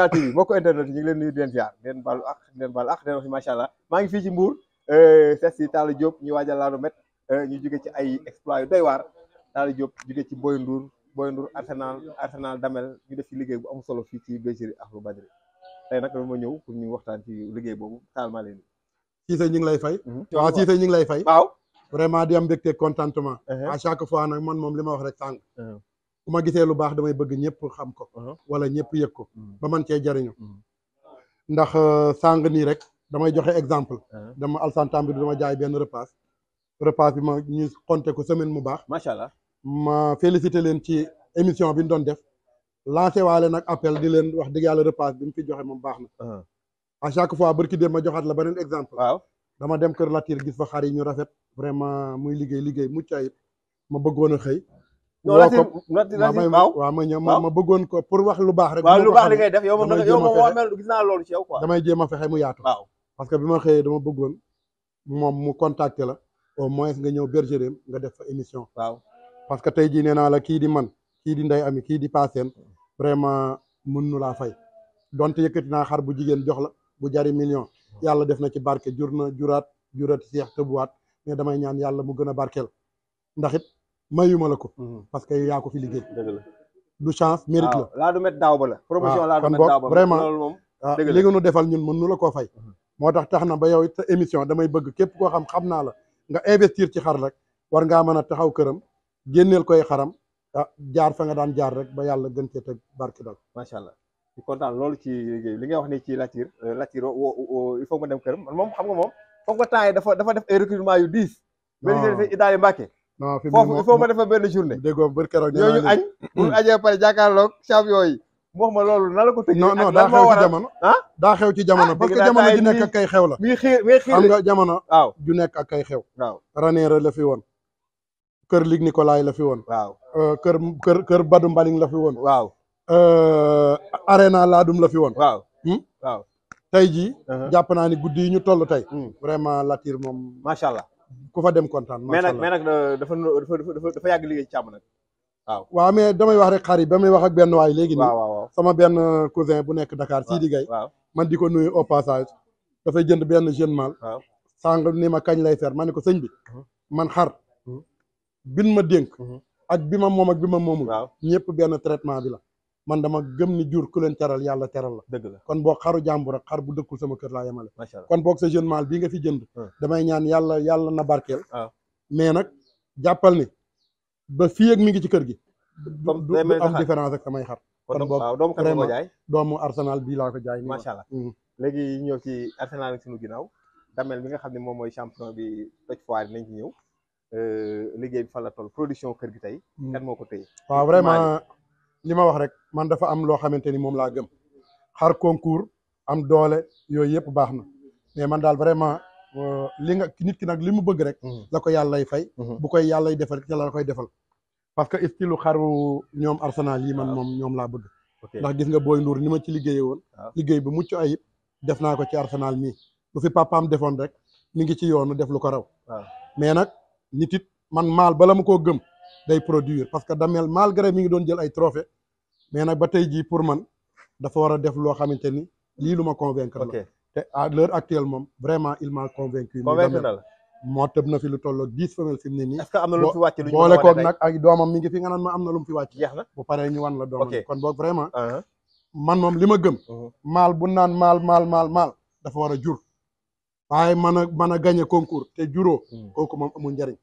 Sénégal TV mbokk internet ñi ngi leen nuyu di leen ziar den balu ak den leen ak den leen wax macha allah maa ngi fi ci Mbour euh sét ci Talla Diop ñi wajal la laanu met euh ñu jóge ci ay exploit yu doy war Talla Diop jóge ci Boy Ndour Boy Ndour Arsenal Arsenal Damel ñu def ci liggéey bu am solo fi ci Béjiri Akhlou Badri tay nak dama ñew pour ñu waxtaan ci liggéey bobu Talla maa ci sa ñi ngi lay fay wa ci sa ñi ngi lay fay waaw vraiment di am mbégte contentement uh-huh. à chaque fois nak man mom lima wax rek sànq uh-huh. bu ma gisee lu baax damay bëgg ñëpp xam ko uh-huh. wala ñëpp yëg ko mm. ba man cee jariñu mm. ndax euh, sàng nii rek damay joxe exemple uh-huh. dama alsantam bi dama jaay benn repas repas bi ma ñu compté ko semaine mu baax macha allah ma félicité leen ci émission bi ñu doon def lancé waale nag appel di leen wax dëgg yàlla repas bi mu fi joxe mu baax na uh-huh. à chaque fois barki dem ma joxaat la beneen exemple waaw dama dem kër Latir gis fa xar yi ñu rafet vraiment muy liggéey liggéey mucc ayib ma bëggoon a xëy non Latif Latif waaw waaw ma ñëw ma bëggoon ko pour wax lu baax rek. waaw lu baax li ngay def yow ma naa loolu ci yow quoi. damay jéem a mu yaatu. waaw parce que bi xëyee dama bëggoon moom mu contacter la au moins nga ñëw bergerie nga def fa émission. waaw parce que tey jii nee naa la kii di man kii di Ndeye Ami kii di Paaseen vraiment mën nu laa fay donte yëkkati naa xar bu jigéen jox la bu jari million yàlla def na ci barke jur na juraat juraat seex tëbuwaat mais damay ñaan yàlla mu gën a barkeel ndax mayuma la ko. Mhm. parce que yaa ko fi liggéey. du chance mérite la. laa du met daaw ba la. promotion laa du met daaw ba vraiment ah, li nga nu defal ñun mën nu la koo fay. Mhm. moo tax tax na ba yow it sa émission damay bëgg képp koo xam xam naa la nga investir ci xar rek war ngaa mën a taxaw këram génneel koy xaram ah jaar fa nga daan jaar rek ba yàlla gën cee teg barki dal. macha allah di kontaan loolu ci liggéey li nga wax ni ci Latir euh, Latir il faut ma dem këram moom xam nga moom foog nga temps dafa dafa def ay recrutement yu diis. waaw ah. mel ni Idaali Mbacke non fi foofu il faut ma defal benn journée. déggoo bër keroog ñooñu añ. bu ñu añee pare jàkkaarloog champion mu wax ma loolu la ko tëjee. non non ah? daa xew ci jamono. ah xew ci jamono parce que jamono ju nekk ak kay xew la. muy xiir muy xiir xam nga jamono. ju ak kay xew. la fi la fi Mbaling la fi Arena Laadum la fi woon. waaw waaw. tey jii. Uh-huh. jàpp naa ni guddi ñu hmm. vraiment Latir moom macha allah. ku fa dem kontaan. macha allah mais nag mais nag euh, dafa dafa dafa yàgg liggéey ci càmm nag. waaw waaw mais damay wax rek xarit ba may wax ak benn waay léegi nii. sama benn cousin bu nekk Dakar. Sidi Gaye man di ko nuyu au passage. dafay jënd benn jeune mal. waaw ni ma kañ lay fer ma ne ko sëñ bi. Uh-huh. man xar. Uh-huh. bin ma dénk. Uh-huh. ak bi ma moom ak bi ma moomul. ñëpp benn traitement bi la. man dama gëm ni jur ku leen teral yàlla teral la kon boo xaru jàmbur ak xar bu dëkkul sama kër laa yemale kon boog sa jeune mâle bi nga fi jënd hmm. damay ñaan yàlla yàlla na barkeel ah. mais nag jàppal ni ba fii ak mi ngi ci kër gi du am différence ak samay xar kon boog vraiment doomu arsenal bi laa ko jaay macha allah hmm. léegi ñëw ci arsenal ak suñu ginnaaw damel bi nga xam ne moom mooy champion bi toj foire nañ ci ñëw euh, liggéey fan la toll production kër gi tey hmm. kan moo ko téye waaw vraiment lima wax rek man dafa am lo xamanteni mom la gëm xar concours am doole yoy yep baxna mais man dal vraiment euh, li nga nit ki nak limu bëgg rek. Mm-hmm. la ko yalla lay fay. Mm-hmm. bu koy yalla lay defal ci la koy defal. parce que style xaru ñom Arsenal yi man mom ñom la bëgg. ndax gis nga Boy Ndour nima ci liggéey won liggéey bu muccu ayib def na ko ci Arsenal mi lu fi papaam defon rek mi ngi ci yoonu def lu ko raw. mais nak nitit man mal bala mu gëm day produire parce que damel malgré mi ngi doon jël ay trophée mais nak ba tey jii pour man dafa wara def lo xamanteni li luma convaincre la té à l'heure actuelle mom vraiment il m'a convaincu mo teb na fi lu tollo 10 femelles fi mu est-ce que am lu fi wàcc lu ñu boole koog nag ak domam mi ngi fi nga nan ma amna lu fi wàcc jeex na bu paree ñu wan la doomam kon bok vraiment uh-huh. man mom lima gëm uh-huh. mal bu nan mal mal mal mal dafa wara jur waaye man a man a concours té juro hmm. koku mom amu njariñ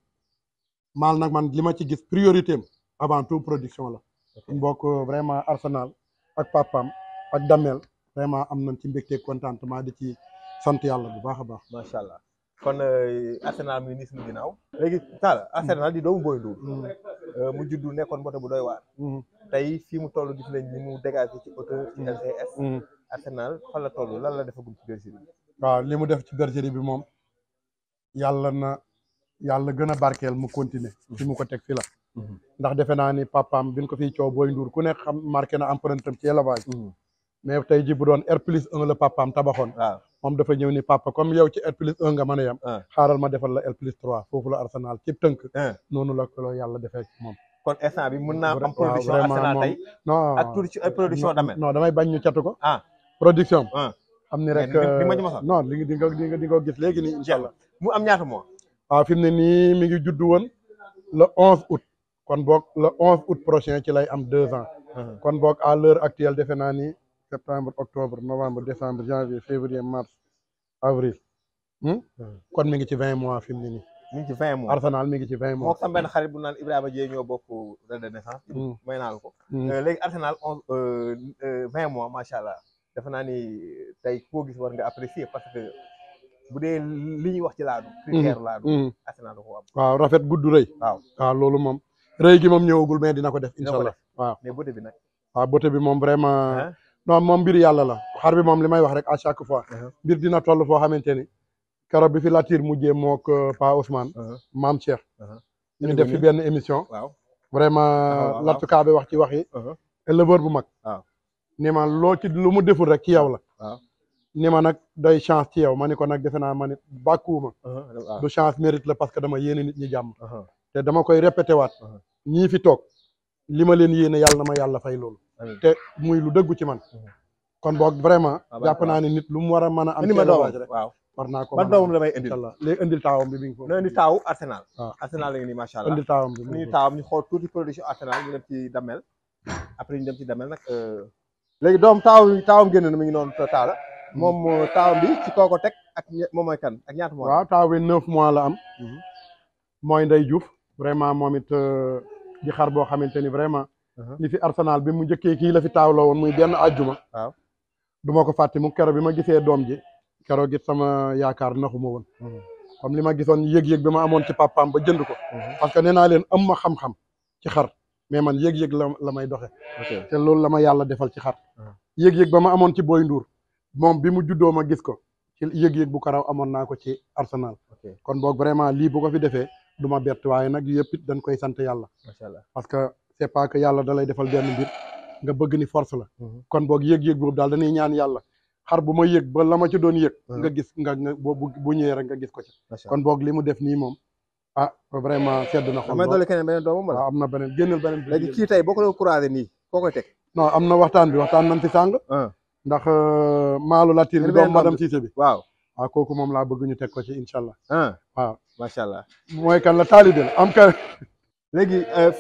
mal nak man lima ci gis priorité avant tout production la suñ bokk vraiment Arsenal ak papam ak Damel vraiment am nañ ci mbégte contentement di ci sant yàlla bu baax a baax. macha allah kon euh, Arsenal mi ngi nii suñu ginnaaw. léegi Talla hmm. Arsenal di doomu Boy Ndour. Hmm. Euh, mu juddu nekkoon mbota bu doy waar. Hmm. tey fii mu toll di nañ ni mu dégagé ci auto ci LCS. Arsenal fan la toll lan la defagum ci bergerie waaw li mu def ci bergerie bi moom yàlla na yàlla gën a barkeel mu continuer fi mu ko teg fi la. Mm-hmm. ndax defe naa ni papaam bi ñu ko fiy coow booy nduur ku ne xam marqué na empreinte am ci élevage. Mm-hmm. mais tey ji doon R plus un la papaam tabaxoon. waaw moom dafa ni papa comme yow ci R plus un nga mën a ah. xaaral ma defal la R plus trois foofu la Arsenal ci tënk. Ah. noonu la ko yàlla defee ci moom. kon instant bi mun naa am production Arsenal tey non ak tuuti ci production damel non damay bañ ñu catu ko. Ah. production am. ni rek ma ñu euh, non li di nga di nga di gis léegi nii incha allah. mu am ñaata mois. waaw ne nii mi ngi judd woon le onze août. kon bok le 11 août prochain ci lay am 2 ans uh-huh. kon bok à l'heure actuelle defena ni septembre octobre novembre décembre janvier février mars avril hmm uh-huh. kon mi ci 20 mois fim ni mi ci 20 mois arsenal mi ngi ci 20 mois mo xam ben xarit bu nan ibrahima dieu ñoo bokku redde naissance hmm. may na ko hmm. euh, legi arsenal 11 20 euh, euh, mois ma sha Allah defena ni tay ko gis war nga apprécier parce que bu avez li ñuy wax ci laadu primaire hmm. laadu mm. arsenal da ko am waaw rafet gudd rëy waaw rëy moom ñëwagul mais dina ko def incha allah waaw mais beauté bi nag waaw beauté bi moom vraiment non moom mbir yàlla la xar bi moom li may wax rek à chaque fois mbir dina toll foo xamante ni keroog bi fi mu mujjee mook euh, Pa Ousmane maam Cheikh ñu def fi benn émission waaw vraiment euh, lattukaa bi wax ci wax yi éleveur bu mag waaw ni ma lu mu deful rek ci yow la waaw ni ma nag day chance ci yow ma ni ko nag defe naa ma ni bàkkuwuma du chance mérite la parce que dama yéene nit ñi jàmm te dama koy répété waat ñii fi toog li ma leen yéene yàlla na ma yàlla fay loolu te muy lu dëggu ci man kon boog vraiment ah, jàpp naa ni nit lu mu war a mën a am waaj rek waaw war naa ko man doomam damay indil léegi indil taawam bi bi ngi foofu na indi taawu Arsenal ah. Arsenal la ngi nii macha allah indil taawam bi indi taawam ñu xool tuuti production Arsenal ñu après ñu dem ci damel nag euh, léegi doom taaw taawam génn na mi ngi noonu taala moom euh, taaw bi ci koo ko teg ak moom mooy kan ak ñaata mois waaw taaw bi neuf mois la am mhm. mooy Ndey Diouf vraiment moom it euh, di xar boo xamante ni vraiment. Uh-huh. li fi Arsenal bi mu njëkkee kii la fi taawloo woon muy benn àjjuma. waaw du ma ko fàtte mu kero bi ma gisee doom ji. kero git sama yaakaar naxu ma woon. Uh-huh. comme li ma gisoon yëg-yëg bi amoon ci papaam ba jënd ko. Uh-huh. parce que nee naa leen am ma xam-xam xar. mais man yëg-yëg la la may doxe loolu la ma yàlla defal ci xar. yëg-yëg ba ma amoon ci Boy Ndour. moom bi mu juddoo ma gis ko. ci yëg-yëg bu karaw amoon naa ko ci Arsenal. kon boog vraiment lii bu ko fi defee. du ma bett waaye nag yëpp it koy sant yàlla. macha allah parce que c' est pas que yàlla dalay defal benn mbir nga bëgg ni force la. Mhm. kon boog yëg-yëg boobu daal dañuy ñaan yàlla xar bu ma yëg ba la ma ci doon yëg. Mhm. nga gis nga nga bu ñëwee rek nga gis ko ci. kon boog li mu def nii moom. ah vraiment sedd na. xol lool keneen beneen doomam wala. Ah, am na beneen génnal beneen. léegi kii tey boo ko doon croisé nii koo koy teg. non am na waxtaan bi waxtaan nañ ci sàng. Ah. ndax euh, maalu latir bi doom madame Cissé bi. waaw waaw ah, kooku moom laa bëgg ñu teg ko ci incha allah. ما شاء الله موي كان لا طالبين ام كان لغي آه،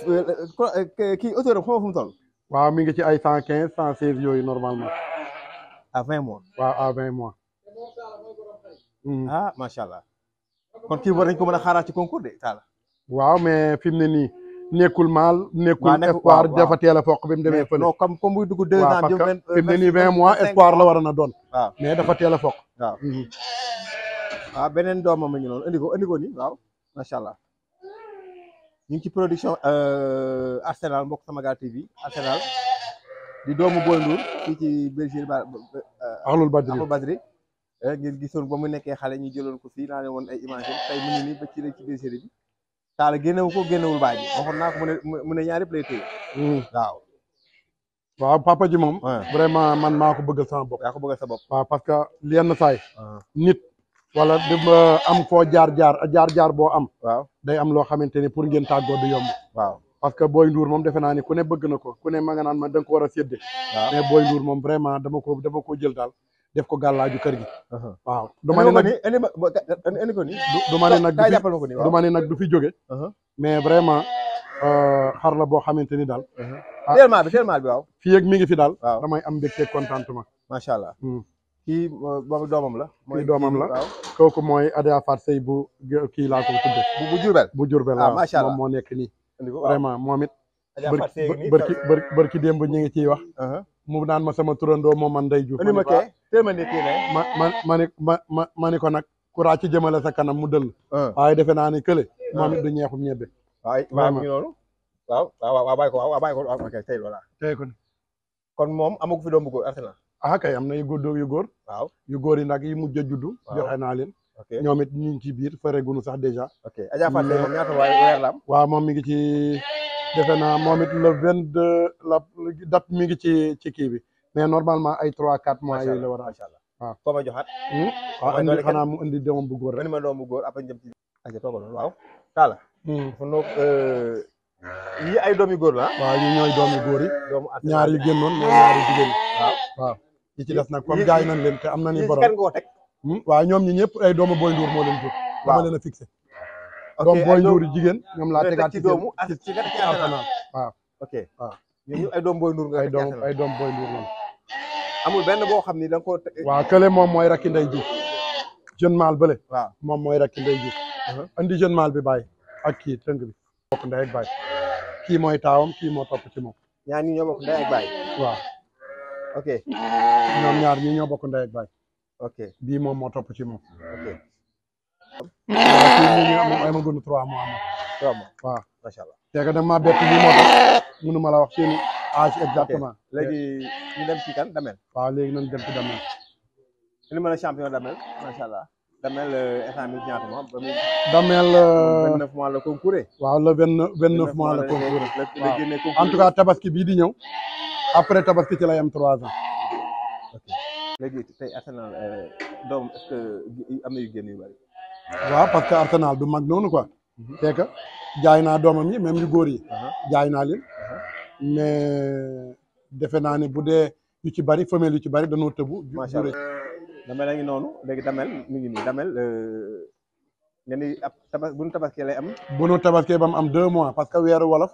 آه، كي اوتور فوم فوم تول وا ميغي تي اي 115 116 يوي نورمالمون ا 20 موا وا ا 20 موا ها ما شاء الله كون كي ورنكو مانا خارا تي كونكور دي تالا واو مي فيم ني nekul mal nekul espoir defatela fokk bim demé feul non comme comme buy dugg 2 ans 20 mois espoir la warana don mais defatela fokk waaw waaw ah, beneen doomam a ngi noonu indi ko indi waaw macha allah ñu ngi ci production euh, Arsenal mbokk Samagal TV Arsenal di doomu Boy Ndour fii ci Belgique ba euh, Ahlul Badri Ahlul Badri eh, ngeen gisoon ba mu nekkee xale ñu jëloon ko fii naa leen woon ay image tey mu ngi ba ci la ci Belgique bi génnewu ko génnewul baa ji waxoon naa ko mu ne mu ne ñaar yëpp lay téye hmm. waaw waaw moom vraiment man maa ko bëggal sama bopp yaa ko bëggal sa bopp waaw parce que yenn saay ah. nit wala di am foo jaar jaar jaar jaar boo am. waaw day am loo xamante ni pour ngeen tàggoo du yomb. waaw parce que Boy Ndour moom defe naa ni ku ne bëgg na ko ku ne ma nga naan man da ko war a séddee. waaw mais moom vraiment dama ko dama ko jël daal. def ko gàllaaju kër gi. Uh-huh. waaw du ma ne nag indi ko nii du ma ne nag du fi ma ne nag du fi jóge. Uh-huh. mais vraiment euh, xar la boo xamante ni daal. Uh-huh. ah tellement bi tellement bi waaw. fii ak mi ngi fi daal. waaw damay am mbégte contentement. macha allah. Hmm. kii boobu doomam la. mooy doomam la kooku mooy Adja Fatou bu kii laa ko eh, tudde bu Diourbel bu Diourbel ah, moom moo nekk nii. moom it. Adja Fatou Seye bër bër bër ki démb ñu ngi ciy wax. Uh-huh. mu naan ma sama turandoo moom man day juuf. Ah. ma ma ma ma ma ma ma ni ko nag. kuraa ci jëmale sa kanam mu dëll. Uh. waaye defe naa ni kële. moom it uh. waay waaw kon moom amagu fi doom bu Arsenal ah am na yu góor yu góor. waaw yu góor yi nag yi mujj a juddu. joxe naa leen. ok ñoom it ñu ngi ci biir fëre gunu sax dèjà. ok Adja waay waaw moom mi ngi ci defe naa moom it le vingt deux la date mi ngi ci ci kii bi mais normalement ay trois quatre mois yi la war a. macha allah waaw koo ma joxaat. Hmm? Ah, mu indi doom bu góor rek. indi ma doom bu góor après waaw Talla. Hmm. Euh, yii yu góor la. Ah? waaw ñii ñooy doom yu ñaar yu génnoon ñaar yu jigéen waaw waaw. yi ci des nag comme gars yi nañ leen te am na ni borom hmm? waaw ñoom ñi ñëpp ay doomu Boy Ndour moo leen jur dama leen a fixé doom Boy Ndour yi jigéen ñoom laa tegaat ci doomu ci Arsenal ah, waaw ok waaw ñu ay doom Boy Ndour nga ay doom ay amul benn boo xam ni da nga ko waaw kële moom mooy rakki nday Diouf jeune mâle bële moom mooy rakki nday Diouf uh-huh. andi jeune mâle bi bàyyi ak kii tënk bi bokk ndey ak bàyyi kii mooy taawam kii moo topp ci moom ñaar ñi ñoo bokk ndey ak bàyyi waaw ok eh. ñoom ñaar ñi ñoo bokk ndey bii moom moo topp ci moom. Eh. ok. moom eh. amagul trois mois am na. ma la wax seen âge exactement. léegi ñu dem ci waaw léegi nañ dem ci Damel. li ma la champion Damel macha allah. vingt neuf mois la concouré. waaw le vingt tabaski bii di ñëw. après tabaski ci lay am trois ans. léegi tey Arsenal euh, doom est-ce am na yu génn yu bari. waaw parce que Arsenal du mag noonu quoi. c'est mhm. que jaay naa doomam yi même yu góor yi. Uh-huh. jaay naa leen. Uh-huh. defe naa ni bu dee yu ci bari femelle yu ci bari danoo tëbu. macha allah damel ngi noonu léegi damel mu ngi nii damel. Euh, nga ni ab tabas bu nu tabaskee lay am. bu nu tabaskee ba mu am deux mois parce que weeru wolof.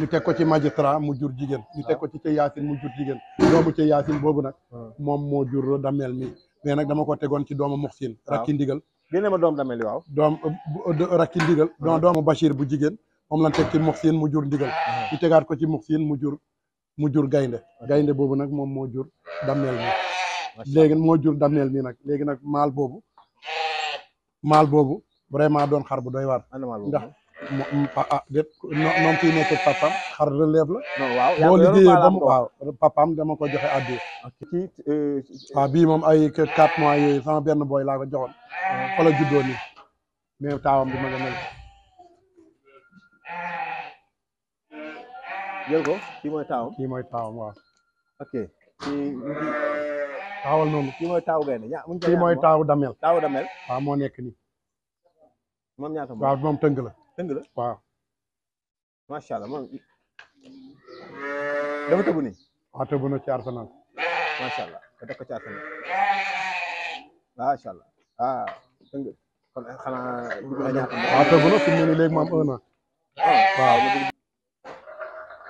ñu teg ko ci magistrat mu jur jigéen ñu teg ko ci ci yaasin mu jur jigéen doomu ca yaasin boobu nag moom moo jur dameel mi mais nag dama ko tegoon ci doomu muxsin ndigal génne ma doom dameel waaw doom rakki ndigal don doomu bachir bu jigéen moom lan teg ci muxsin mu jur ndigal hmm. tegaat ko ci muxsin mu jur mu jur gaynde gaynde boobu nag moom moo jur dameel mi léegi moo jur dameel mi nag léegi nag maal boobu maal boobu vraiment doon xar bu doy waar ndax moom ah nekk papaam xar relève la. waaw boo liggéeyee waaw papaam dama ko joxe addi. waaw euh, bii moom ay quatre mois yooyu sama benn booy laa ko joxoon. fa la juddoo nii mais taawam bi ma nga ko kii mooy taawam kii mooy taawam waaw. ok kii taawal noonu. kii mooy taaw gaynde ña kii mooy waaw moo nekk nii. moom waaw moom tënk la. dëgg la waaw. macha allah moom dafa tëbu nii. waaw tëbu na ci allah da def ko ci Arsenal. allah ah dëgg kon xanaa dugg na ñaata. na fi mu ne léegi mu am un ah, waaw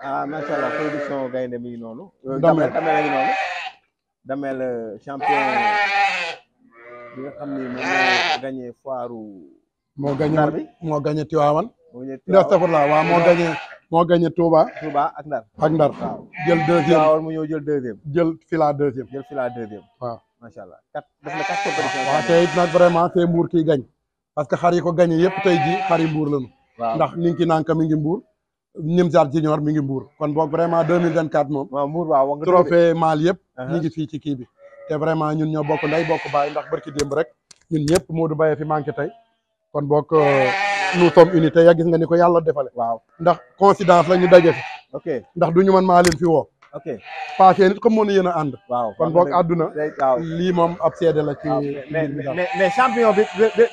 ah allah production gaynde mi ngi noonu. damel damel a ngi noonu. damel euh, champion bi nga xam ni moom moo gagné foiru. moo gañe moo gañe Tiwaawan astafurlah waaw moo gañe moo gañe Touba. Touba ak Ndar ak Ndar. waaw jël deuxième waaw mu jël deuxième. jël fila jël fila deuxième. waaw macha allah quatre def na quatre compétitions. waaw tey it nag vraiment tey Mbour kii gañ parce que xar ko gañe yëpp tey ji xari Mbour lañu. waaw ndax Ninki Nanka mi ngi Mbour. Nimzaat Junior mi ngi Mbour. kon boog vraiment deux mille vingt quatre moom. waaw Mbour waaw wax nga trophée mal yëpp. Uh-huh. ñu ngi fii ci kii bi. te vraiment ñun ñoo bokk nday bokk baay ndax barki démb rek ñun ñëpp Modou Baye fi manqué tey kon book nous sommes unité ya gis nga ni ko yàlla defale waaw ndax coïncidence la ñu daje fi ndax du ñu man maa leen fi woo ok paase comme moo nu yéen a ànd waaw kon boog àdduna lii moom ab seede la ci ah, mais champion bi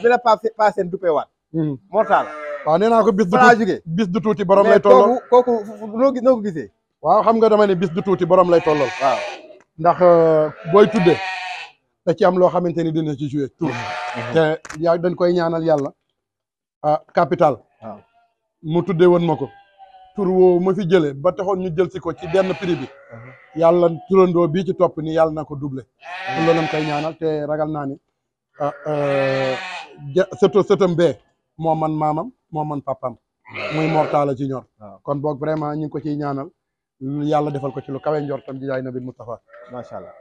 bi la paase du peewaat hmm. mortal waaw nee naa ko bis du bis du tuuti borom lay tollol kooku noo noo ko gisee waaw xam nga dama ne bis du tuuti borom lay tollol waaw ndax euh, booy tudde da ci am loo xamante ni dina ci joué tour mhm. te yaa dañ koy ñaanal yàlla ah capital mu tuddee woon ma ko tur woowu ma fi jëlee ba taxoon ñu jël si ko ci benn prix bi mhm. yàlla turandoo bii ci topp ni yàlla na ko doublé loolu lañ koy ñaanal te ragal naa ni ah sëtë euh, sëtëm bee moo man maamam moo man papam muy mortala ci ñor kon boog vraiment ñu ngi ko ciy ñaanal yàlla defal ko ci lu kawe njortam ji yaay bin Mustafa macha allah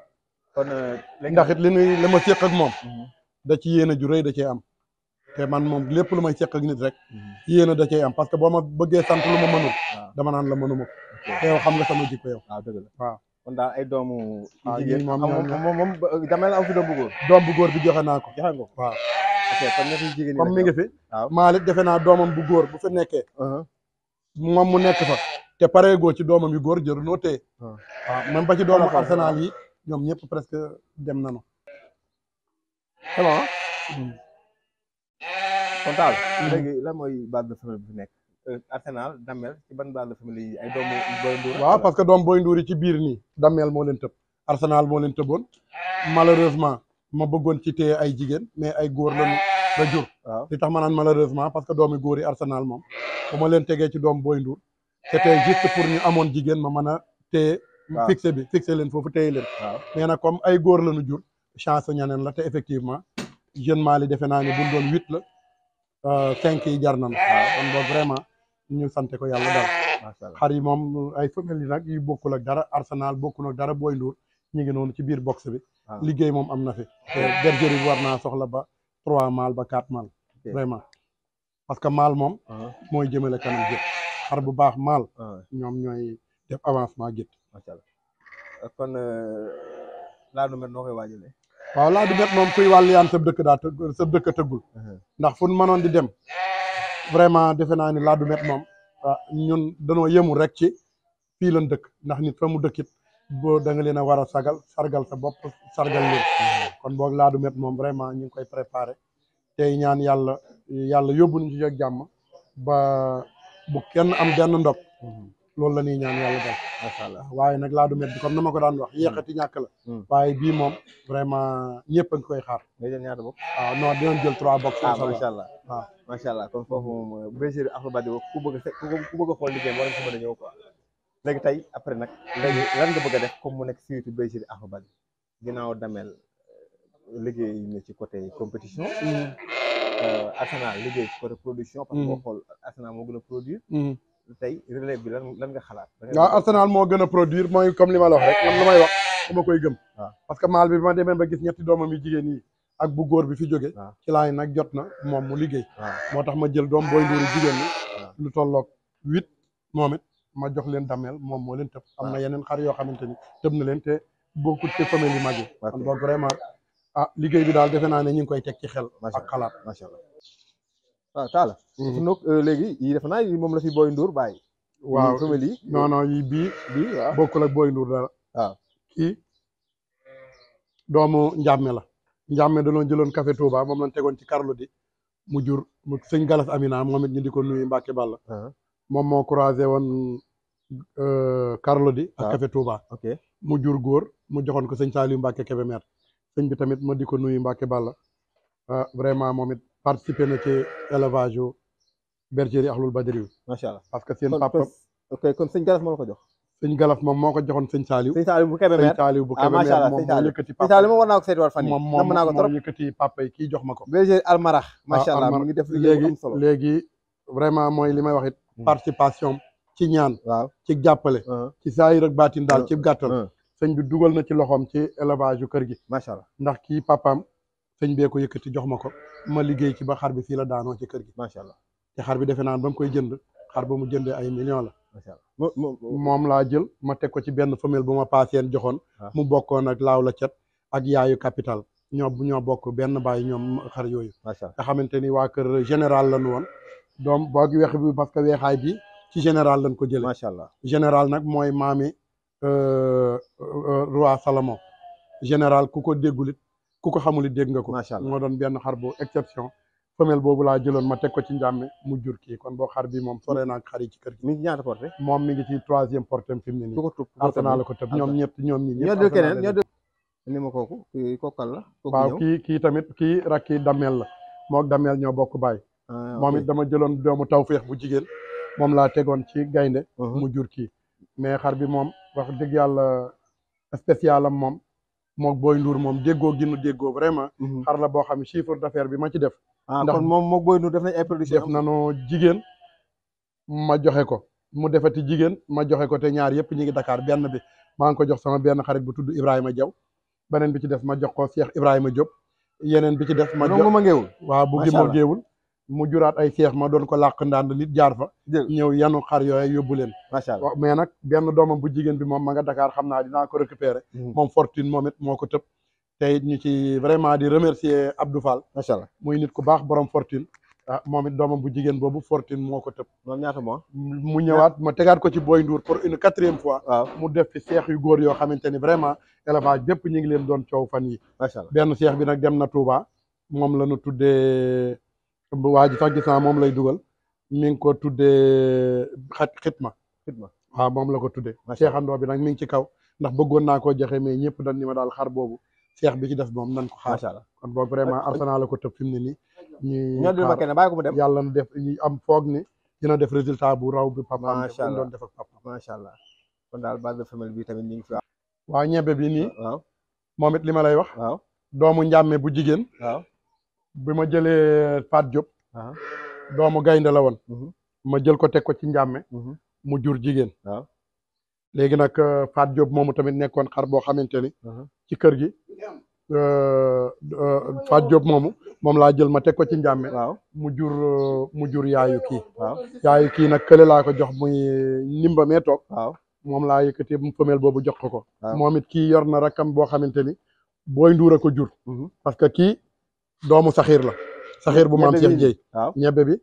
kon euh, ndax it li nuy li ma seq ak moom mhm. da ci yéen a ju da cee am te man moom lépp lu may seq ak nit rek mhm. yéen a da cee am parce que boo ma bëggee sant lu ma mënul dama naan la mënuma te yow xam nga sama jikko yow waaw ah, dëgg la waaw kon daal ay doomu ah, jigéen moom moom damay la am fi doom bu góor doom bu góor bi joxe naa ko joxe nga ko waaw ok kon ñetti jigéen mi ngi fi waaw defe naa doomam bu góor bu fi nekkee uh-huh. ma mu nekk fa te paree goo ci doomam yu góor jëru noo te waaw man ba ci doomu Arsenal yi ñoom ñëpp presque dem nañu c'est bon hmm. hmm. léegi lan mooy base de famille bu nekk euh, Arsenal Damel ci ban base de famille yi ay doomu Boy Ndour waaw parce que doom Boy Ndour ci biir nii dameel moo leen tëb Arsenal moo leen tëboon malheureusement ma bëggoon ci téye ay jigéen mais ay góor lañu ba jur li tax ma naan malheureusement parce que doomi góor yi Arsenal moom bu ma leen tegee ci doom Boy Ndour c'était juste pour ñu amoon jigéen ma mën a téye fixé bi fixé leen foofu téye leen mais nag comme ay góor lañu jur chance ñeneen la te effectivement jeune Mali defe naa ne buñ doon huit la euh, cinq yi jar nañu kon vraiment ñu sante ko yàlla daal xar yi moom ay femelles yi nag yu bokkul ak dara Arsenal bokkul ak dara Boy Ndour ñu ngi noonu ci biir box bi liggéey moom am na fi te bergerie bi war soxla ba trois mâles ba quatre mâles vraiment parce que mâle moom ah. mooy jëmale kanam gétt xar bu baax mal ah. ñoom ñooy def avancement gétt macha allah kon euh, laadu met noo koy waajalee. waaw laadu met moom kuy wàllu yaan sa dëkk daa të sa dëkk tëggul. Uh-huh. ndax fu mënoon di dem vraiment defe naa ni laadu met moom ah, ñun danoo yëmu rek ci fii lan dëkk ndax nit fa mu dëkkit boo da nga leen a war a sagal sargal sa bopp sargal leen. Uh-huh. kon boog laadu met moom vraiment ñu ngi koy préparé tey ñaan yàlla yàlla yóbbu ñu ci jàmm ba bu kenn am benn ndop. Uh-huh. loolu la ñuy ñaan yàlla dal macha allah waaye nag laadu met bi comme na ma ko daan wax yéexati ñàkk la hmm. waaye bii moom vraiment ñëpp koy xaar nga jël ñaata box waaw ah, non dinañ jël trois box ah, macha allah waaw ah. macha allah kon foofu moom Bergerie Akhlou Badi ku bëgg ku bëgg a xool liggéey war nga si mën a ñëw quoi léegi tey après nag léegi lan nga bëgg def comme mu nekk surtout Bergerie Akhlou Badi ginnaaw damel euh, liggéey na ci côté compétition hmm. euh, Arsenal liggéey ci côté production parce que hmm. boo xool moo gën a produire tey relève bi lan lan nga xalaat. waaw Arsenal moo gën a produire mooy comme li ma la wax rek man lu may wax koy gëm. waaw ah. parce que maal bi ma demee ba gis ñetti doomam yi jigéen yi ak bu góor bi fi jóge ah. ci laay nag jot na moom mu liggéey. Ah. moo tax ma jël doom booy nduuru jigéen ñi. lu tollook huit moom it ma jox leen dameel moom moo leen tëb. am na yeneen xar yoo xamante ni tëb na leen te bokkut te famille yu mag yi. donc vraiment ah liggéey bi daal defe naa ne ñu ngi koy teg ci xel. ak xalaat macha waaw ah, taala mhm. nag euh, léegi yii def naa moom la fi Boy Ndour bàyyi. waaw sama lii non non yii bii. bii waaw ah. ak Boy Ndour dara. waaw ah. kii doomu Njàmme la. Njàmme dañoo jëloon café Touba moom lañ tegoon ci Carlo di mu jur mu sëñ Galas Amina moom it ñu di ko nuyu Mbacke Balla. moom moo croisé woon euh, Carlo di. ak café Touba. ok mu jur góor mu joxoon ko sëñ Saliou Mbacke Kébémer sëñ bi tamit ma di ko nuyu Mbacke Balla vraiment moom participer na ci élevage yu bergerie Ahlul Badri yi. macha allah parce que seen papa. ok kon sëñ ko jox. sëñ Gallas moom moo ko joxoon sëñ Saliou. sëñ Saliou bu Kébémer sëñ Saliou bu ah, Kébémer moom moo yëkkati papa. sëñ moom ko seetiwaat fan yii. moom moo yëkkati papa yi kii jox ma ko. bergerie Almarax. macha allah ah, mu vraiment mooy li may wax it. Hmm. participation ci ñaan. waaw ci jàppale. Hmm. ci saa yu rek baatin daal ci hmm. gàttal. sëñ bi dugal na ci loxoom ci élevage yu kër gi. macha allah ndax kii papam sëñ bee ko yëkkati jox ma ko ma liggéey ci ba xar bi fii la daanoo ci kër gi. macha allah te xar bi defe naan ba mu koy jënd xar ba mu jëndee ay millions la. macha allah moom laa jël ma teg ko ci benn famille bu ma paaseen joxoon. Ah. mu bokkoon ak laaw la cet ak yaayu capital ñoo ñoo bokk benn bàyyi ñoom xar yooyu. macha nga xamante ni waa kër général lañu woon. doom boo gi weex bi parce que weexaay bi ci général lañ ko jëlee. macha allah général nag mooy maami euh, euh, roi Salomon général ku ko déggulit ku ko xamul dégg nga ko. macha allah moo doon benn xar bu exception. femelle boobu laa jëloon ma teg ko ci njàmme mu jur kii kon boo xar bi moom sore naa xar yi ci kër gi. mi ngi ñaata porté. moom mi ngi ci troisième porté fi mu ne nii. ko tëb ñoom ñëpp ñoom ñi ñoo dul keneen ñoo dul ni ma la waaw kii kii tamit kii rak kii dameel la mook dameel ñoo bokk bàyyi ah, moom it dama jëloon doomu taw féex bu jigéen moom laa tegoon ci gaynde uh-huh. mu jur kii mais xar bi moom wax dëgg yàlla spécial am moom mok boy ndour mom déggoo gi nu déggoo vraiment mhm. xar la bo xam chiffre d'affaires bi ma ci def ah, ndax kon moom mook booy def nañ ay production def nanu jigen ma joxe ko mu defati jigen ma joxe ko te ñaar yep ñi ngi Dakar benn bi ma ngi ko jox sama benn xarit bu tuddu Ibrahima Diaw benen bi ci def ma jox ko Cheikh Ibrahima Diop yenen bi ci def ma jox wa bu gi mo geewul mu jurat ay cheikh ma doon ko làq ndànd nit jaar fa. ñew yanu xar yooyu yobulen leen. macha allah mais nak benn doom bu jigen bi mom ma nga Dakar xamna dina ko récupérer. mom hmm. fortune momit moko tepp tay ñu ci vraiment di remercier Abdou Fall. macha allah muy nit ku bax borom fortune. Ah, momit doom bu jigen bobu fortune moko ko tëb. ñaata mo mu ñewat ma tegaat ko ci Boy Ndour pour une quatrième fois. mu def fi cheikh yu goor yo xamanteni ni vraiment élevage bépp ñi ngi leen doon ciow fan yi macha allah benn cheikh bi nak dem na Touba mom la ñu waa ji moom lay dugal mi ngi ko tuddee xat xitma xitma waaw moom la ko tuddee seexandoo bi nag mi ngi ci kaw ndax bëggoon naa koo joxe mais ñëpp dañ ni ma daal xar boobu seex bi ci def moom nan ko xaar kon boog vraiment Arsenal la ko tëb fi mu ne nii ñuy xaar yàlla na def ñu am foog ni dina def résultat bu raw bi papa am doon def ak papa macha allah kon daal base de famille bi tamit ñu ngi fi waaw ñebe bi nii moom it li ma lay wax waaw doomu njàmme bu jigéen waaw bi ma jëlee Paat Diop. Ah. doomu gaynde la woon. Mhm. ma jël ko teg ko ci njàmme. Mhm. mu jur jigéen. waaw ah. léegi nag Paat euh, Diop moomu tamit nekkoon xar boo xamante ni. Mhm. ci kër gi. Euh, euh, Faat Diop moomu moom laa jël ma teg ko ci njàmme. waaw mu jur mu jur yaayu kii. waaw yaayu kii nag kële laa ko jox muy nimba mee toog. waaw moom laa yëkkati femelle boobu jox ko ko. moom it kii yor na rakkam boo xamante ni booy nduura ko jur. parce que kii. doomu saxiir la saxiir bu mam Cheikh Ndiaye ñebbe bi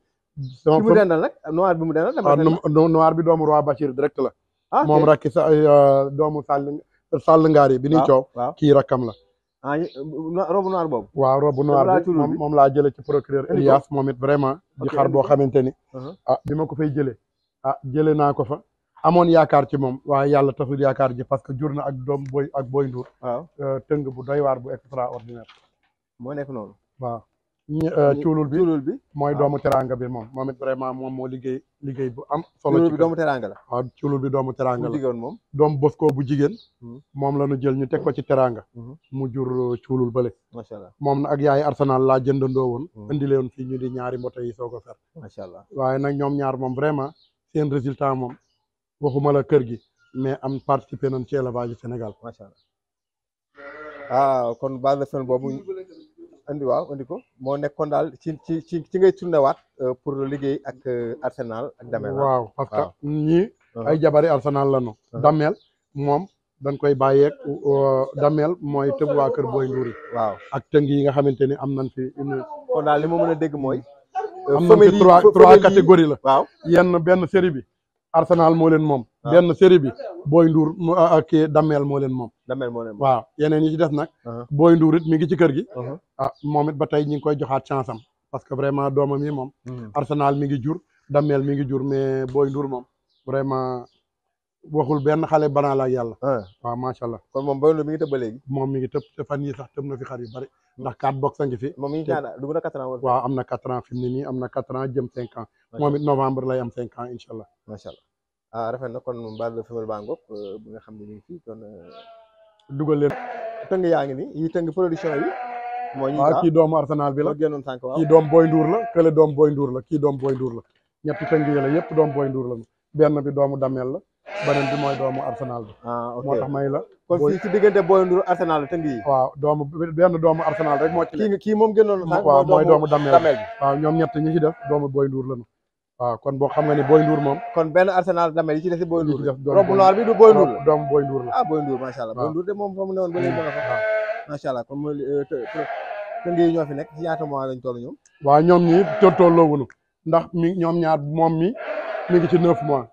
sama bi mu dendal noir bi mu dendal ah, noir bi doomu roi Bachir direct la ah, mom rakki sa ah, doomu sal sal ngari bi ni ciow ki rakam la robu noir bob wa robu noir mom la jele ci procureur Elias momit vraiment. di xar bo xamanteni uh-huh. ah bima ko fay jele ah jele na ko fa. amone yakar ci mom wa yalla tasul yakar ji parce que jur ak dom boy ak boy ndour waaw tëng bu doy war bu extraordinaire. mo nek nonou waaw euh, cuulul bi bi mooy ah, doomu teranga bi moom moom it vraiment moom moo liggéey liggéey bu am solo ci doomu teranga la waaw cuulul bi doomu teranga la moom doom boskoo bu jigéen hmm. moom la ñu jël ñu teg ko ci teranga hmm. mu jur euh, cuulul ba macha allah moom na ak yaay Arsenal laa jëndandoo woon hmm. indi leen fi ñu di ñaari mbote yi soog a fer macha waaye nag ñoom ñaar moom vraiment seen résultat moom waxuma la kër gi mais am participé nañ ci élevage Sénégal macha allah ah, andi waaw andi ko moo nekkoon daal ci ci ci ci ngay tourné waat euh, pour liggéey ak euh, Arsenal ak Damel. Ah. waaw parce que ñii. Uh-huh. ay jabari Arsenal la ñu. Uh-huh. Damel moom dañ koy bàyyeeg euh, Damel mooy tëb waa kër Boy Ndour waaw ak tëng yi nga xamante ni am nañ fi une. kon daal li ma mën a dégg mooy. am nañ fi trois trois catégories la. waaw yenn benn série bi. Arsenal mo len mom ah. ben série bi Boy Ndour ah, ak Damel mo len mom Damel mo len waaw yeneen yi ci def nak ah. Boy Ndour it mi ngi ci kër gi. Uh-huh. ah momit it ba tey ñu koy joxat chance am parce que vraiment doomam yi mom hmm. Arsenal mi ngi jur Damel mi ngi jur mais Boy Ndour mom vraiment waxul ben xalé banal ak yalla wa ma sha allah kon mom Boy Ndour mi ngi tëb ba léegi. moom mi ngi tëb te fan yi sax tëb na fi xar yu bari. Hmm. ndax quatre box sang fi. mom mi ngi ñaanal dugg 4 ans. wa amna 4 ans fi ni amna 4 ans jëm 5 ans. momit novembre lay am 5 ans inshallah ma sha allah. ah rafet na kon mbaal femelle baa ngoog euh, bi nga xam ne ñu ngi fii euh, leen tëng yaa ngi ni yi tëng production yi moo ñu waaw ah, kii doomu Arsenal bi la génnoon sànq waaw kii doom Boy Ndour la kële doom Boy Ndour la kii doom Boy Ndour la ñetti tëng yi la yëpp doom Boy Ndour la benn bi doomu Damel la beneen bi mooy doomu Arsenal bi ah, moo tax may la kon fii ci diggante Boy Ndour Arsenal la tëng yi waaw doomu benn doomu Arsenal rek moo ci kii moom génnoon sànq waaw mooy doomu Damel bi waaw ñoom ñett ñi ci def doomu Boy Ndour la waaw kon boo xam nga ni Boy Ndour moom. kon benn Arsenal damay li ci des si Boy Ndour. robu noir bi du Boy Ndour la doomu Boy Ndour la. Ah, allah Boy Ndour de moom fa mu macha allah kon mooy euh, tënk yi ñoo fi nekk lañ toll ñoom. waaw ñoom ñii te tolloo wuñu ndax mi ñoom ñaar moom mi mi ngi ci neuf mois.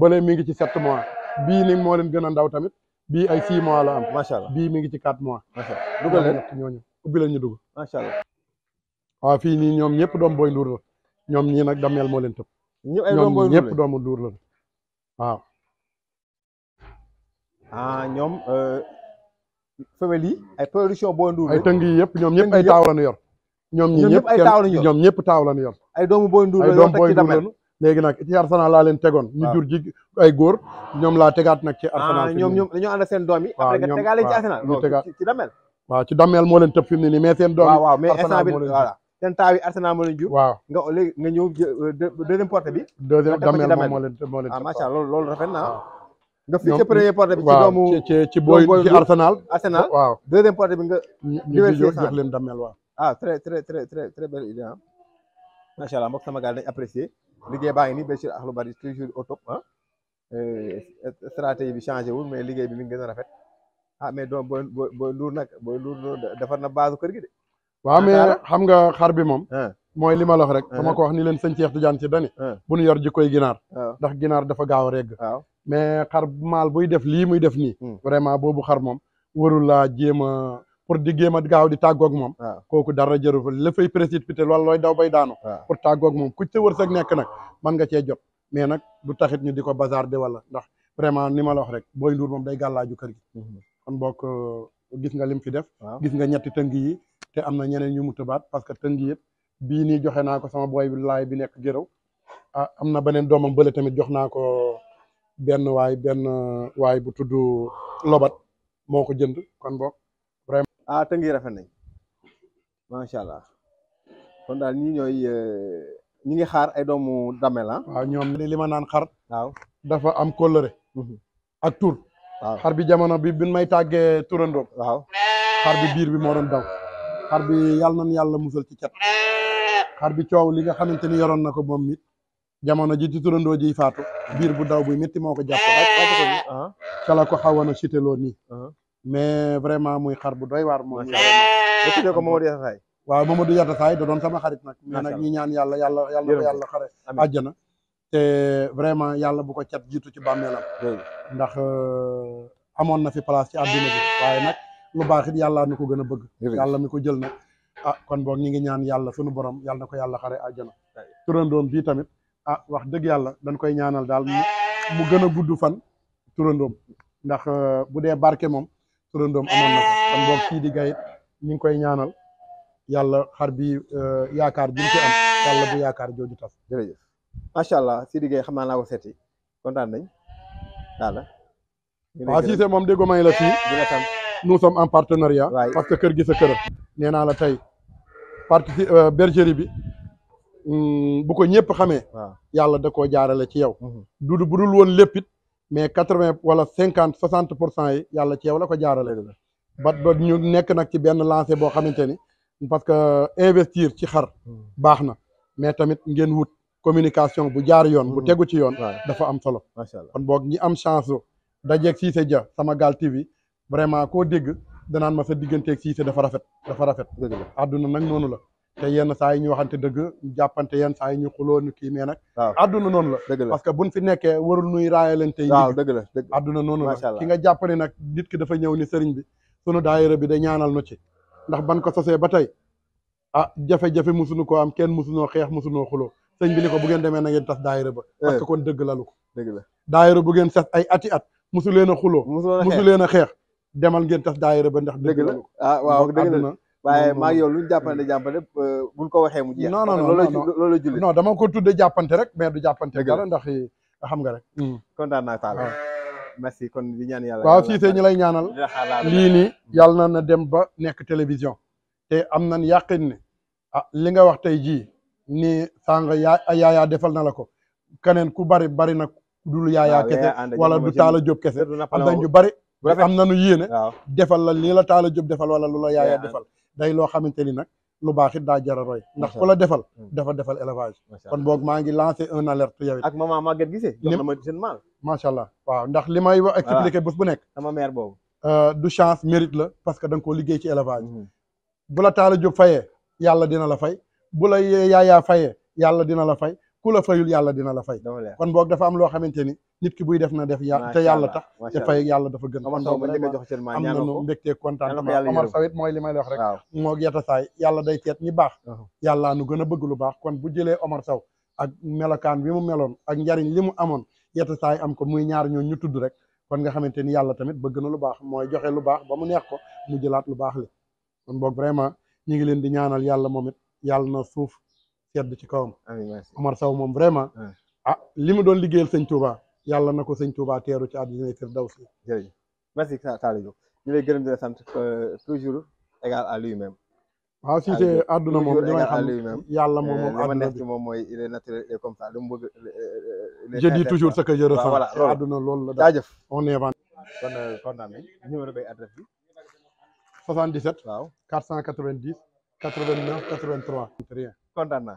bële mi ngi ci sept mois. bii ni moo leen gën a ndaw tamit bii ay six mois la am. macha allah bii mi ngi ci quatre mois. macha allah dugal leen ñooñu ubbi leen ñu dugg. macha allah waaw fi nii ñoom ñëpp doom Boy Ndour la ñoom ñii nag dameel moo leen tëb. ñëpp ay doomu ñoom ñëpp doomu duur la waaw. ah ñoom euh, femelle yi ay production boo nduur ay tëng yi yëpp ñoom ñëpp taaw la ñu yor. ñoom ñii ñëpp taaw la ñu yor ñoom ñëpp taaw la ñu yor. ay doomu booy nduur la yor teg nag ci arsenal laa leen tegoon. ñu jur ji ay góor ñoom laa tegaat nag. ci ah, arsenal ñoom ñoom dañoo ànd seen doom yi. waaw après nga tegaale tegaat ci dameel. waaw ci dameel moo leen tëb fi mu ne nii mais seen doom yi. waaw waaw mais instant bi voilà seen taa bi Arsenal moo leen jur. waaw nga léegi nga ñëw euh, deuxième porte bi. deuxième damel moom moo leen moo ah, macha loolu rafet na nga fii ci premier porte bi. ci doomu ci ci booy ci Arsenal. Arsenal waaw deuxième porte bi nga. diversifié jox leen damel waaw. ah très très très très très belle idée ah. macha allah sama gars dañ liggéey baa ngi nii Béchir Akhlou Bary toujours au top euh, bi changé wul mais liggéey bi mi ngi a rafet ah mais doom booy booy Ndour nag booy Ndour defar na base kër gi de. waaw mais xam nga xar bi moom mooy li ma la wax rek dama ko wax ni leen sëñ Cheikh Tidiane ci dani bu ñu yor jikkoy ginaar ndax ginaar dafa gaaw rek mais xar maal buy def lii muy def nii hmm. vraiment boobu xar moom warul laa jéem a pour di géem a gaaw di tàggoog moom kooku dara jëru fa la fay précipité loolu looy daw bay daano pour tàggoog moom ku war wërsëg nekk nag mën nga cee jot mais nag du taxit ñu di ko bazardé wala ndax vraiment ni ma la wax rek booy nduur moom day gàllaaju kër gi hmm. kon bokk gis nga lim fi def gis nga ñetti teung yi te amna ñeneen ñu mu parce que teung yi bi ni joxé nako sama boy bi lay bi nek géraw ah, amna benen domam beulé tamit jox naa ko benn way benn euh, way bu tuddu lobat moko jënd kon bok vraiment ah teung yi rafa nañ sha allah kon dal ñi ñoy euh, ñi ngi xaar ay doomu damel ha ah. li ma naan xar dafa am coloré mhm. ak tour waaw xar bi jamono bi bin may tàggee turandoom. waaw xar bi biir bi moo doon daw. xar bi yàlla nan yàlla musal ci cat. xar bi coow li nga xamante ni yoroon na ko moom mi jamono ji ci turandoo ji faatu biir bu daw bu métti moo ko jàpp ah ca la ko xawoon a citeloo nii mais vraiment muy xar bu doy waar moom da tuddee ko Mamadou Yatta Faye waaw Mamadou doon sama xarit nag mais ñi ñaan yàlla yàlla yàlla yàlla xare àjjana te vraiment yàlla bu ko cat jiitu ci bàmmeelam ndax euh, amoon na fi place ci àdduna bi waaye nag lu baax yàlla nu ko gën a bëgg yàlla mi ko jël nag ah kon boog ñi ngi ñaan yàlla sunu borom yàlla na ko yàlla xare àjjana turandoom bii tamit ah wax dëgg yàlla dañ koy ñaanal daal mu gën a gudd fan turandoom ndax euh, bu dee barke moom turandoom amoon na kon boog kii di gayit ñi ngi koy ñaanal yàlla xar bi euh, yaakaar bi mu am yàlla bu yaakaar jooju tas macha allah si liggéey xam naa naa ko seeti kontaan nañ daal. waaw Cissé moom dégg may la fii di la nous sommes en partenariat. parce que kër gi sa kër nee naa la tey parti euh, bergerie bi hmm, bu ko ñëpp xamee. yàlla da koo jaarale ci yow. Mhm. du du budul woon lépp it mais quatre vingt wala cinquante soixante pour cent yi yàlla ci yow la ko jaarale. ba ba ñu nekk nag ci benn lancé boo xamante ni parce que investir ci xar mhm. baax na mais tamit ngeen wut. communication bu jaar yoon bu mm. tegu ci yoon dafa am solo macha allah kon boog ñi am chance o dajeeg Cissé ja sama gaal TV vraiment koo dégg danaan ma sa digganteeg Cissé dafa rafet dafa rafet adduna nag noonu la te yenn saa yi ñu waxante dëgg jàppante yenn saa yi ñu xuloo ñu kii mais nag adduna noonu la parce que buñ fi nekkee warul nuy raayalante yi dëgg la àdduna noonu la ki nga jàpp nag nit ki dafa ñëw ni sëriñ bi sunu daayira bi da ñaanal nu ci ndax ban ko sosee ba tey ah jafe-jafe musuñu koo am kenn musunoo xeex musunoo xuloo sëñ bi ni ko bu ngeen demee na ngeen tax daayira ba eh. parce que kon dëgg lalu ko dëgg la daayira bu ngeen sas ay ati at musu leena xulo musu leena xex xeex demal ngeen tax daayira ba ndax dëgg la ah waaw dëgg la waye ma No yow lu no no. No, buñ ko waxé mu jeex non non non julli non dama ko tuddé jappanté rek mais du jappanté dara ndax eh, xam nga rek content hmm. na taal ah. merci kon di ñaan yalla waaw té ñi lay ñaanal li ni yalla na na dem ba nek télévision té am nan yàqin ah li nga wax tay ji ni sànq yaa yaayaa defal na la ko keneen ku bari bari na dul yaayaa kese wala du taala jóob kese am na ñu bari am na nu yéene defal la li la taala job defal wala lu la yaayaa defal day loo xamante ni nag lu baax it daa jar a ndax ku la defal hmm. dafa defal élevage kon boog maa ngi lancé un alerte yow ak maman Maguette Guissé jox na ma seen allah waaw ndax li may wax expliqué bés bu nekk sama mère boobu euh, du chance mérite la parce que da nga koo liggéey ci élevage hmm. bu la taala jóob fayee yàlla dina la fay bula la yaayaa fayee yàlla dina la fay kula fayul yalla dina la fay kon bok dafa am lo xamanteni nit ki buy def na def yàlla te yàlla tax te fay yalla dafa gën kon dama boog am nañu mbégtee kontaan Omar Sawit moy limay wax rek moo yata saay yalla day tet ñi bax yalla nu gëna bëgg lu bax kon bu jëlé Omar Saw ak melokan bi mu melon ak ñariñ limu amon yata yeta am ko muy ñaar ñoo ñu tuddu rek kon nga xamanteni yalla tamit bëgg na lu bax moy joxé lu bax ba mu neex ko mu jëlat lu bax li kon bok vraiment ñi ngi leen di ñaanal yalla momit yàlla na suuf sedd ci kawam Omar Sow moom vraiment a ah. ah, li mu doon liggéeyal sëñ Touba yàlla na ko sëñ Touba teeru ci àddina firdawsi jërëjëf merci Talla sant euh, toujours égal waaw si c'est àdduna moom yàlla moom moom euh, àdduna bi moom mooy il est naturel et euh, toujours ce que je ressens la jaajëf on est vent kon kontaan nañ numéro bay adresse bi 89 83. kontaan naa.